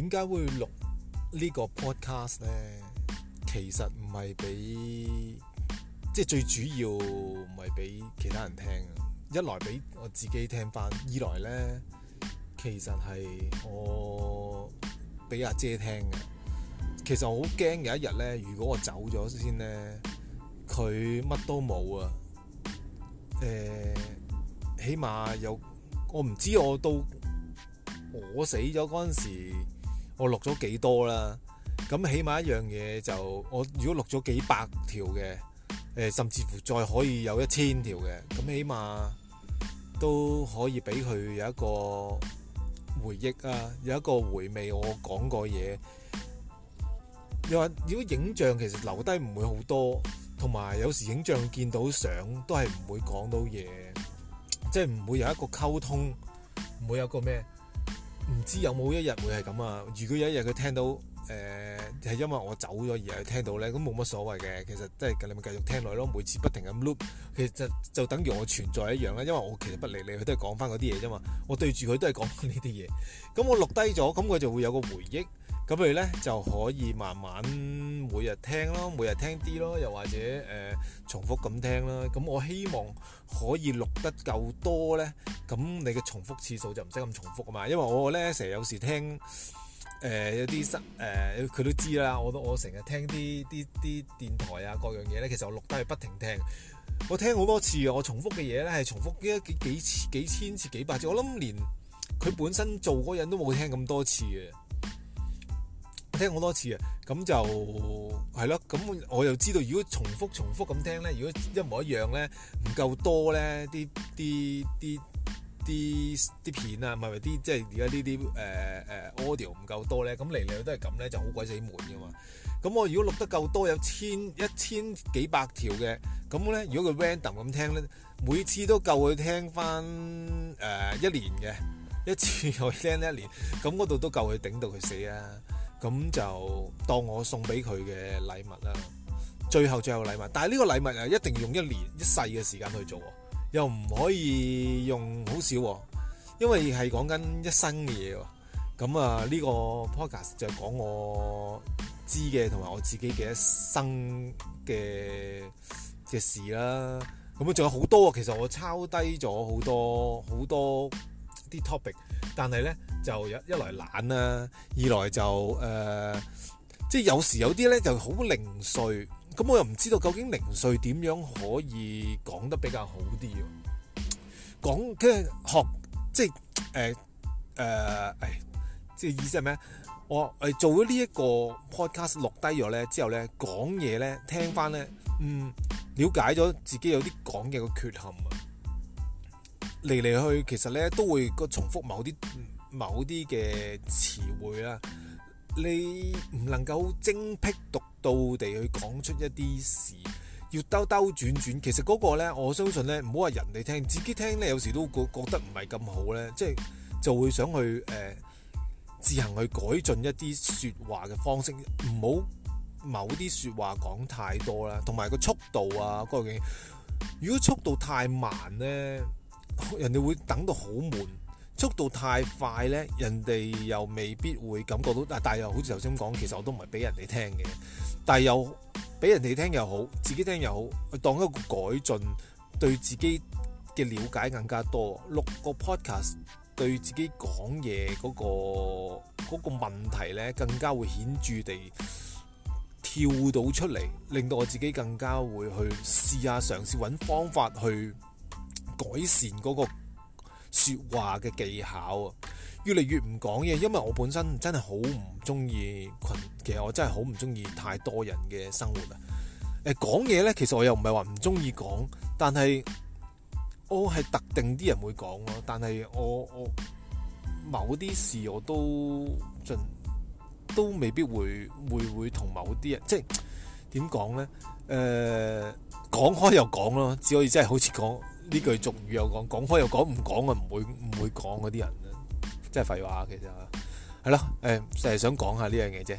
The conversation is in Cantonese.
點解會錄呢個 podcast 咧？其實唔係俾，即係最主要唔係俾其他人聽。一來俾我自己聽翻，二來咧，其實係我俾阿姐，姐聽嘅。其實我好驚有一日咧，如果我走咗先咧，佢乜都冇啊。誒、欸，起碼有我唔知我到我死咗嗰陣時。我錄咗幾多啦？咁起碼一樣嘢就我如果錄咗幾百條嘅，誒甚至乎再可以有一千條嘅，咁起碼都可以俾佢有一個回憶啊，有一個回味我講過嘢。你話如果影像其實留低唔會好多，同埋有時影像見到相都係唔會講到嘢，即係唔會有一個溝通，唔會有一個咩？唔知有冇一日會係咁啊！如果有一日佢聽到，誒係、呃、因為我走咗而係聽到咧，咁冇乜所謂嘅。其實都係你咪繼續聽落咯，每次不停咁 loop 其實就，就等於我存在一樣啦。因為我其實不理你，佢都係講翻嗰啲嘢啫嘛，我對住佢都係講呢啲嘢。咁我錄低咗，咁佢就會有個回憶。咁譬如咧就可以慢慢每日聽咯，每日聽啲咯，又或者誒、呃、重複咁聽啦。咁我希望可以錄得夠多咧，咁你嘅重複次數就唔使咁重複啊嘛。因為我咧成日有時聽。誒、呃、有啲新誒佢都知啦，我都我成日聽啲啲啲電台啊各樣嘢咧，其實我錄低去不停聽，我聽好多次，我重複嘅嘢咧係重複幾幾幾千次幾百次，我諗連佢本身做嗰人都冇聽咁多次嘅，聽好多次啊，咁就係咯，咁我又知道如果重複重複咁聽咧，如果一模一樣咧，唔夠多咧，啲啲啲。啲啲片啊，唔咪啲即係而家呢啲誒誒 audio 唔夠多咧，咁嚟嚟去都係咁咧，就好鬼死悶嘅嘛。咁我如果錄得夠多，有千一千幾百條嘅，咁咧如果佢 random 咁聽咧，每次都夠佢聽翻誒、呃、一年嘅，一次又聽一年，咁嗰度都夠佢頂到佢死啊。咁就當我送俾佢嘅禮物啦。最後最後禮物，但係呢個禮物啊，一定要用一年一世嘅時間去做。又唔可以用好少喎，因為係講緊一生嘅嘢喎。咁啊，呢個 podcast 就講我知嘅同埋我自己嘅一生嘅嘅事啦。咁啊，仲有好多，其實我抄低咗好多好多啲 topic，但係呢，就有一來懶啦，二來就誒、呃，即係有時有啲呢就好零碎。咁我又唔知道究竟零碎點樣可以講得比較好啲啊？講即係學，即係誒誒，即係意思係咩？我誒、呃、做咗呢一個 podcast 錄低咗咧之後咧，講嘢咧聽返咧，嗯，了解咗自己有啲講嘢嘅缺陷啊，嚟嚟去其實咧都會個重複某啲某啲嘅詞彙啦、啊。你唔能夠精闢獨到地去講出一啲事，要兜兜轉轉。其實嗰個呢，我相信呢，唔好話人哋聽，自己聽呢，有時都覺覺得唔係咁好呢，即係就會想去誒、呃、自行去改進一啲説話嘅方式，唔好某啲説話講太多啦，同埋個速度啊，嗰個，如果速度太慢呢，人哋會等到好悶。速度太快呢，人哋又未必會感覺到。但係又好似頭先講，其實我都唔係俾人哋聽嘅。但又俾人哋聽又好，自己聽又好，當一個改進對自己嘅了解更加多。六個 podcast 對自己講嘢嗰個嗰個問題呢，更加會顯著地跳到出嚟，令到我自己更加會去試下嘗試揾方法去改善嗰個。說話嘅技巧啊，越嚟越唔講嘢，因為我本身真係好唔中意群。其實我真係好唔中意太多人嘅生活啊。誒，講嘢呢，其實我又唔係話唔中意講，但係我係特定啲人會講咯，但係我我某啲事我都盡都未必會會會同某啲人即係。點講呢？誒、呃、講開又講咯，只可以真係好似講呢句俗語又講，講開又講唔講啊？唔會唔會講嗰啲人咧，真係廢話。其實係咯，誒成日想講下呢樣嘢啫。